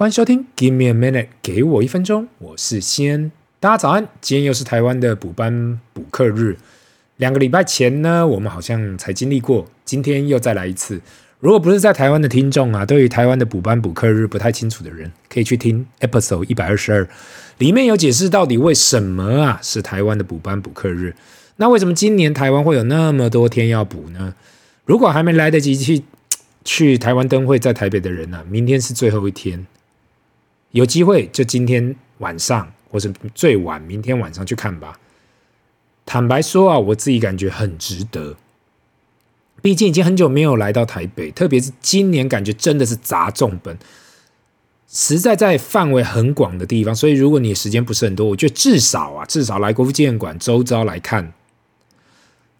歡迎收聽《Give Me a Minute》，給我一分鐘，我是西恩。大家早安，今天又是台灣的補班補課日。兩個禮拜前呢，我們好像才經歷過，今天又再來一次。如果不是在台灣的聽眾啊，對於台灣的補班補課日不太清楚的人，可以去聽 Episode 122，裡面有解釋到底為什麼啊，是台灣的補班補課日。那為什麼今年台灣會有那麼多天要補呢？如果還沒來得及去去台灣燈會在台北的人啊，明天是最後一天。有機會就今天晚上，或是最晚明天晚上去看吧。坦白說啊，我自己感覺很值得。畢竟已經很久沒有來到台北，特別是今年感覺真的是砸重本，實在在範圍很廣的地方。所以如果你時間不是很多，我覺得至少啊，至少來國父紀念館周遭來看，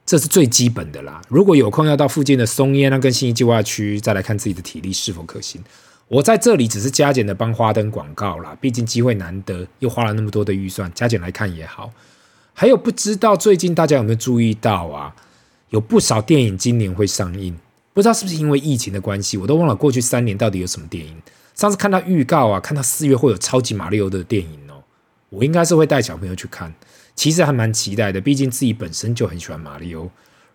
這是最基本的啦。如果有空要到附近的松菸，那跟信義計劃區再來看自己的體力是否可行。我在這裡只是加減的幫花燈廣告啦。畢竟機會難得，又花了那麼多的預算，加減來看也好。還有不知道最近大家有沒有注意到啊？有不少電影今年會上映，不知道是不是因為疫情的關係，我都忘了過去三年到底有什麼電影。上次看到預告啊，看到四月會有超級馬里歐的電影哦，我應該是會帶小朋友去看，其實還蠻期待的，畢竟自己本身就很喜歡馬里歐。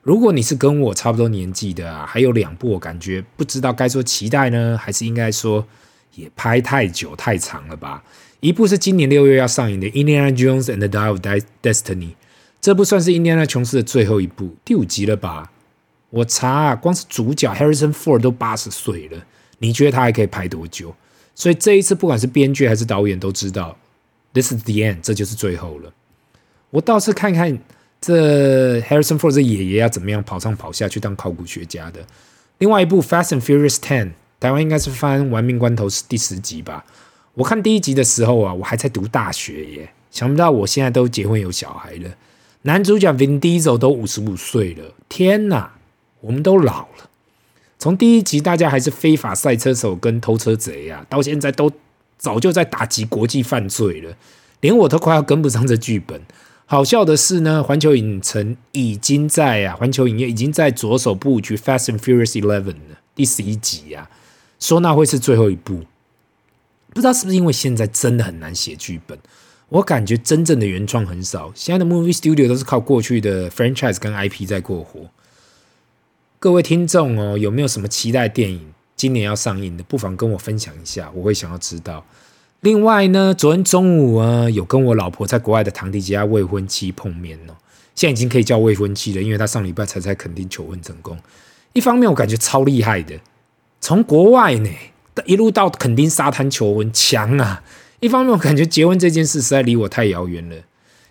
如果你是跟我差不多年紀的啊，還有兩部，我感覺不知道該說期待呢，還是應該說也拍太久太長了吧？一部是今年六月要上映的《Indiana Jones and the Dial of Destiny》，這部算是 Indiana 瓊斯的最後一部第五集了吧？我擦啊，光是主角 Harrison Ford 都八十歲了，你覺得他還可以拍多久？所以這一次，不管是編劇還是導演都知道，This is the end，這就是最後了。我倒是看看。這 Harrison Ford 這爺爺要怎麼樣跑上跑下去當考古學家的？另外一部 Fast and Furious Ten，台灣應該是翻《玩命關頭》第十集吧？我看第一集的時候啊，我還在讀大學耶，想不到我現在都結婚有小孩了。男主角 Vin Diesel 都五十五歲了，天哪，我們都老了。從第一集大家還是非法賽車手跟偷車賊啊，到現在都早就在打擊國際犯罪了，連我都快要跟不上這劇本。好笑的是呢，環球影城已經在啊，環球影業已經在着手布局《Fast and Furious Eleven》了，第十一集啊，說那會是最後一部，不知道是不是因為現在真的很難寫劇本，我感覺真正的原創很少，現在的 Movie Studio 都是靠過去的 Franchise 跟 IP 在過活。各位聽眾哦，有沒有什麼期待電影今年要上映的？不妨跟我分享一下，我會想要知道。另外呢，昨天中午啊，有跟我老婆在國外的堂弟家未婚妻碰面哦，現在已經可以叫未婚妻了，因為他上禮拜才在墾丁求婚成功。一方面我感覺超厲害的，從國外呢一路到墾丁沙灘求婚強啊！一方面我感覺結婚這件事實在離我太遙遠了。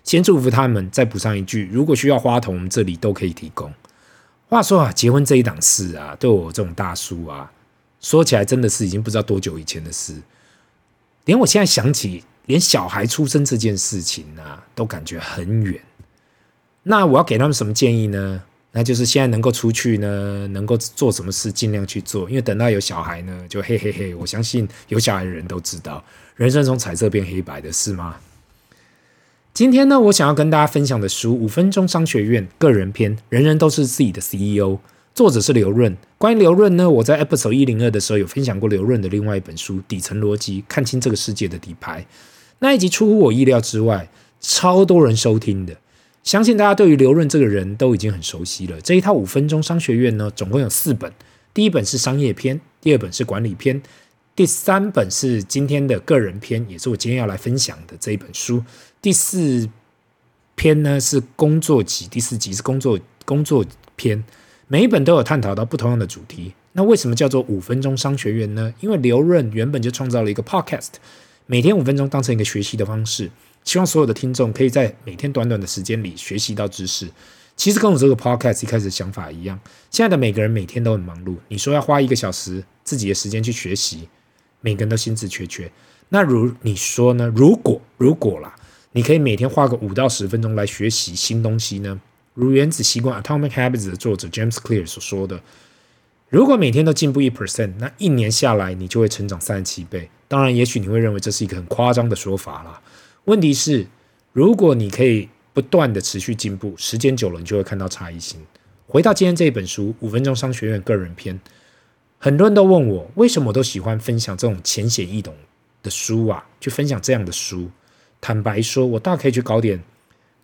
先祝福他們，再補上一句：如果需要花童，我們這裡都可以提供。話說啊，結婚這一檔事啊，對我這種大叔啊，說起來真的是已經不知道多久以前的事。連我現在想起，連小孩出生這件事情呢、啊，都感覺很遠。那我要給他們什麼建議呢？那就是現在能夠出去呢，能夠做什麼事盡量去做，因為等到有小孩呢，就嘿嘿嘿。我相信有小孩的人都知道，人生從彩色變黑白的是嗎？今天呢，我想要跟大家分享的書《五分鐘商學院個人篇》，人人都是自己的 CEO。作者是劉潤。關於劉潤呢，我在 Episode 102的時候有分享過劉潤的另外一本書《底層邏輯：看清這個世界的底牌》。那一集出乎我意料之外，超多人收聽的。相信大家對於劉潤這個人都已經很熟悉了。這一套五分鐘商學院呢，總共有四本。第一本是商業篇，第二本是管理篇，第三本是今天的個人篇，也是我今天要來分享的這一本書。第四篇呢是工作集，第四集是工作工作篇。每一本都有探討到不同樣的主題。那為什麼叫做五分鐘商學院呢？因為劉潤原本就創造了一個 podcast，每天五分鐘當成一個學習的方式，希望所有的聽眾可以在每天短短的時間裡學習到知識。其實跟我這個 podcast 一開始的想法一樣，現在的每個人每天都很忙碌，你說要花一個小時自己的時間去學習，每個人都興致缺缺。那如你說呢？如果如果啦，你可以每天花個五到十分鐘來學習新東西呢？如原子習慣 （Atomic Habits） 的作者 James Clear 所說的，如果每天都進步一 percent，那一年下來你就會成長三十七倍。當然，也許你會認為這是一個很誇張的說法啦。問題是，如果你可以不斷的持續進步，時間久了你就會看到差異性。回到今天這一本書《五分鐘商學院個人篇》，很多人都問我為什麼我都喜歡分享這種淺顯易懂的書啊，去分享這樣的書。坦白說，我大可以去搞點。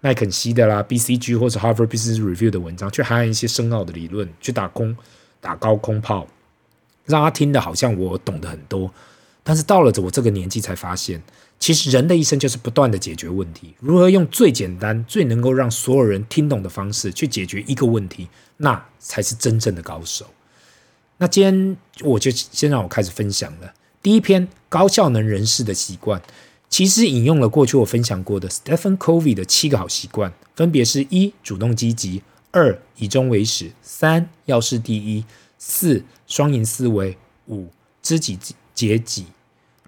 麥肯錫的啦，BCG 或者 Harvard Business Review 的文章，去含有一些深奧的理論，去打空、打高空炮，讓他聽得好像我懂得很多。但是到了我這個年紀，才發現，其實人的一生就是不斷地解決問題。如何用最簡單、最能夠讓所有人聽懂的方式去解決一個問題，那才是真正的高手。那今天我就先讓我開始分享了第一篇高效能人士的習慣。其實引用了過去我分享過的 Stephen Covey 的七個好習慣，分別是一主動積極，二以終為始，三要事第一，四雙贏思維，五知己解己，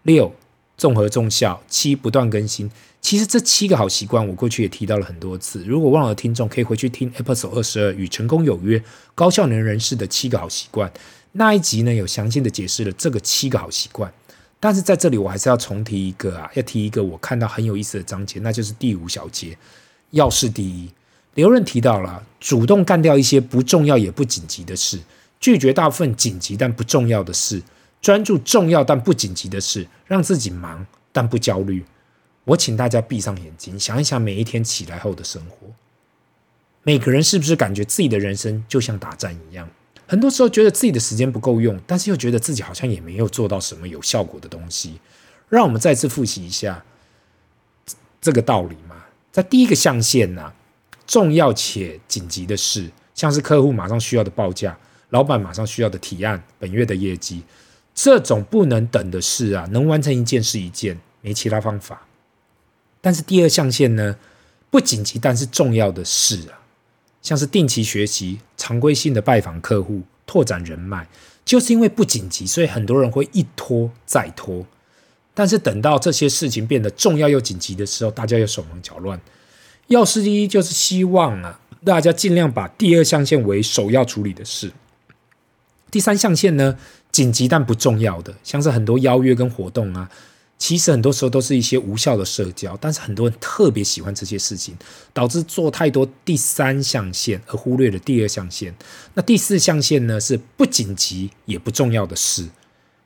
六綜合重效，七不斷更新。其實這七個好習慣，我過去也提到了很多次。如果忘了，聽眾可以回去聽 Episode 二十二《與成功有約：高效能人士的七個好習慣》那一集呢，有詳細地解釋了這個七個好習慣。但是在這裡，我還是要重提一個啊，要提一個我看到很有意思的章節，那就是第五小節，要事第一。劉潤提到了主動幹掉一些不重要也不緊急的事，拒絕大部分緊急但不重要的事，專注重要但不緊急的事，讓自己忙但不焦慮。我請大家閉上眼睛想一想，每一天起來後的生活，每個人是不是感覺自己的人生就像打仗一樣？很多時候覺得自己的時間不夠用，但是又覺得自己好像也沒有做到什麼有效果的東西。讓我們再次複習一下這，這個道理嘛。在第一個象限呢，重要且緊急的事，像是客戶馬上需要的報價、老板馬上需要的提案、本月的業績，這種不能等的事啊，能完成一件是一件，沒其他方法。但是第二象限呢，不緊急但是重要的事啊，像是定期學習。常規性的拜訪客戶、拓展人脈，就是因為不緊急，所以很多人會一拖再拖。但是等到這些事情變得重要又緊急的時候，大家又手忙腳亂。要事第一，就是希望啊，大家盡量把第二象限為首要處理的事，第三象限呢，緊急但不重要的，像是很多邀約跟活動啊。其實很多時候都是一些無效的社交，但是很多人特別喜歡這些事情，導致做太多第三象限而忽略了第二象限。那第四象限呢？是不緊急也不重要的事，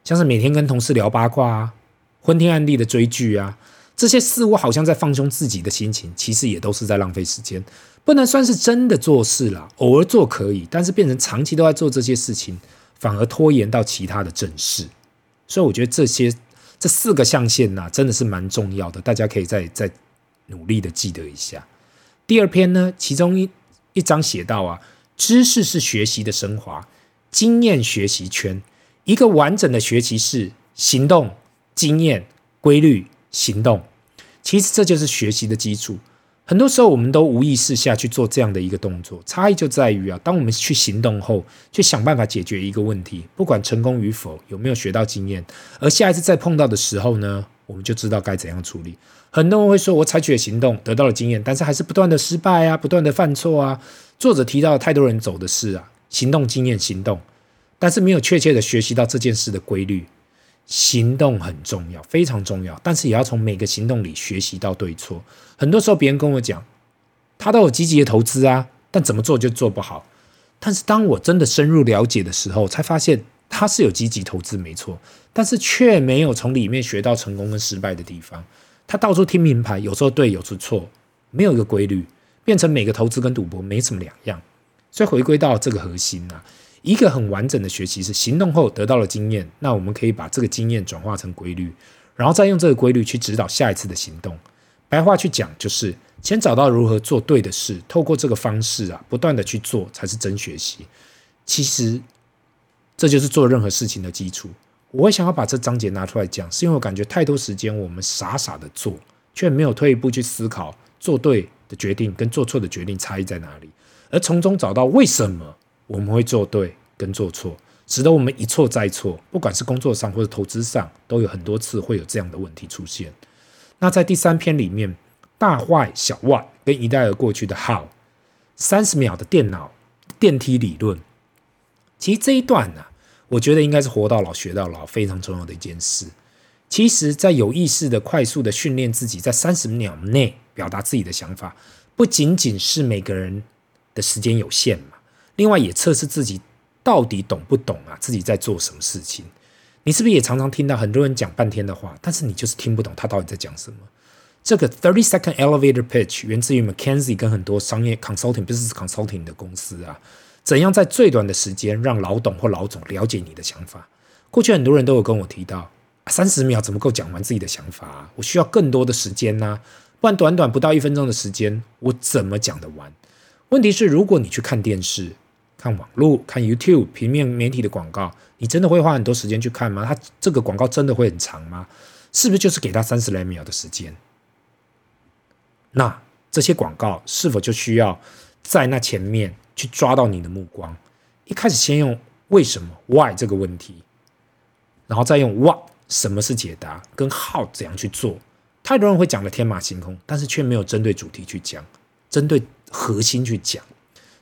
像是每天跟同事聊八卦啊、昏天暗地的追劇啊，這些似乎好像在放鬆自己的心情，其實也都是在浪費時間，不能算是真的做事了。偶爾做可以，但是變成長期都在做這些事情，反而拖延到其他的正事。所以我覺得這些。這四個象限吶、啊，真的是蠻重要的，大家可以再再努力的記得一下。第二篇呢，其中一一章寫到啊，知識是學習的升華，經驗學習圈，一個完整的學習是行動、經驗、規律、行動，其實這就是學習的基礎。很多時候，我們都無意識下去做這樣的一個動作。差異就在於啊，當我們去行動後，去想辦法解決一個問題，不管成功與否，有沒有學到經驗，而下一次再碰到的時候呢，我們就知道該怎樣處理。很多人會說，我採取了行動，得到了經驗，但是還是不斷的失敗啊，不斷的犯錯啊。作者提到，太多人走的是啊，行動、經驗、行動，但是沒有確切的學習到這件事的規律。行動很重要，非常重要，但是也要從每個行動裡學習到對錯。很多時候別人跟我講，他都有積極的投資啊，但怎麼做就做不好。但是當我真的深入了解的時候，才發現他是有積極投資沒錯，但是卻沒有從裡面學到成功跟失敗的地方。他到處聽名牌，有時候對，有時候錯，沒有一個規律，變成每個投資跟賭博沒什麼兩樣。所以回歸到這個核心啊。一個很完整的學習是行動後得到了經驗，那我們可以把這個經驗轉化成規律，然後再用這個規律去指導下一次的行動。白話去講就是，先找到如何做對的事，透過這個方式啊，不斷的去做才是真學習。其實這就是做任何事情的基礎。我想要把這章節拿出來講，是因為我感覺太多時間我們傻傻的做，卻沒有退一步去思考做對的決定跟做錯的決定差異在哪裡，而從中找到為什麼。我們會做對跟做錯，使得我們一錯再錯。不管是工作上或者投資上，都有很多次會有這樣的問題出現。那在第三篇裡面，大壞小萬跟一帶而過去的好三十秒的電腦電梯理論，其實這一段呢、啊，我覺得應該是活到老學到老非常重要的一件事。其實，在有意識的快速的訓練自己，在三十秒內表達自己的想法，不僅僅是每個人的時間有限嘛。另外也測試自己到底懂不懂啊，自己在做什麼事情？你是不是也常常聽到很多人講半天的話，但是你就是聽不懂他到底在講什麼？這個 thirty second elevator pitch 源自於 McKinsey 跟很多商業 consulting business consulting 的公司啊，怎樣在最短的時間讓老董或老總了解你的想法？過去很多人都有跟我提到，啊，三十秒怎麼夠講完自己的想法啊？我需要更多的時間啊，不然短短不到一分鐘的時間，我怎麼講得完？問題是如果你去看電視。看網絡，看 YouTube，平面媒體的廣告，你真的會花很多時間去看嗎？它這個廣告真的會很長嗎？是不是就是給它三十來秒的時間？那這些廣告是否就需要在那前面去抓到你的目光？一開始先用為什麼 Why 這個問題，然後再用 What 什麼是解答跟 How 怎樣去做？太多人會講的天馬行空，但是卻沒有針對主題去講，針對核心去講。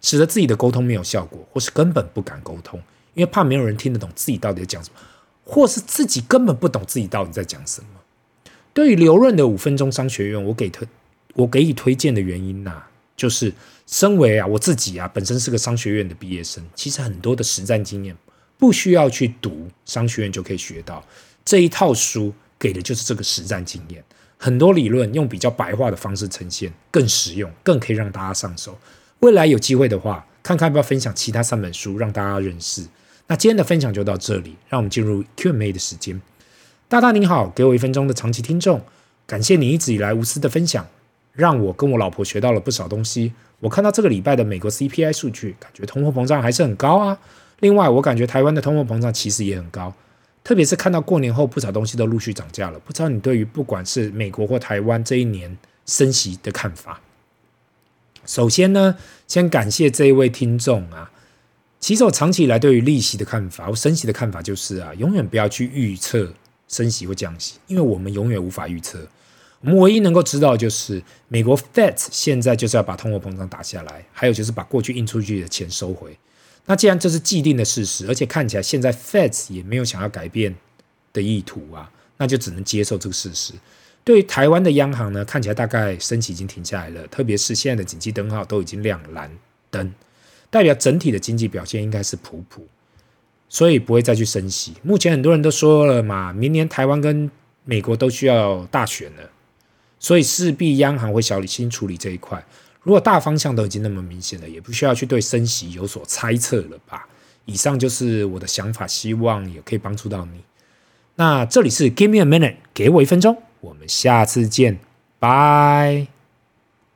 使得自己的溝通沒有效果，或是根本不敢溝通，因為怕沒有人聽得懂自己到底在講什麼，或是自己根本不懂自己到底在講什麼。對於劉潤的五分鐘商學院，我給他，我給你推薦的原因吶、啊，就是身為啊我自己啊本身是個商學院的畢業生，其實很多的實戰經驗不需要去讀商學院就可以學到。這一套書給的就是這個實戰經驗，很多理論用比較白話的方式呈現，更實用，更可以讓大家上手。未來有機會的話，看看要不要分享其他三本書，讓大家認識。那今天的分享就到這裡，讓我們進入 Q&A 的時間。大大你好，給我一分鐘的長期聽眾，感謝你一直以來無私的分享，讓我跟我老婆學到了不少東西。我看到這個禮拜的美國 CPI 數據，感覺通貨膨脹脹還是很高啊。另外，我感覺台灣的通貨膨脹其實也很高，特別是看到過年後不少東西都陸續漲價了。不知道你對於不管是美國或台灣這一年升息的看法？首先呢，先感謝這一位聽眾啊。其實我長期以來對於利息的看法，我升息的看法就是啊，永遠不要去預測升息或降息，因為我們永遠無法預測。我們唯一能夠知道的就是，美國 FED 現在就是要把通貨膨脹打下來，還有就是把過去印出去的錢收回。那既然這是既定的事實，而且看起來現在 FED 也沒有想要改變的意圖啊，那就只能接受這個事實。對於台灣的央行呢，看起來大概升息已經停下來了，特別是現在的景氣燈號都已經亮藍燈，代表整體的經濟表現應該是普普，所以不會再去升息。目前很多人都說了嘛，明年台灣跟美國都需要大選了，所以勢必央行會小心處理這一塊。如果大方向都已經那麼明顯了，也不需要去對升息有所猜測了吧？以上就是我的想法，希望也可以幫助到你。那這裡是 Give me a minute，給我一分鐘。我們下次見，拜拜。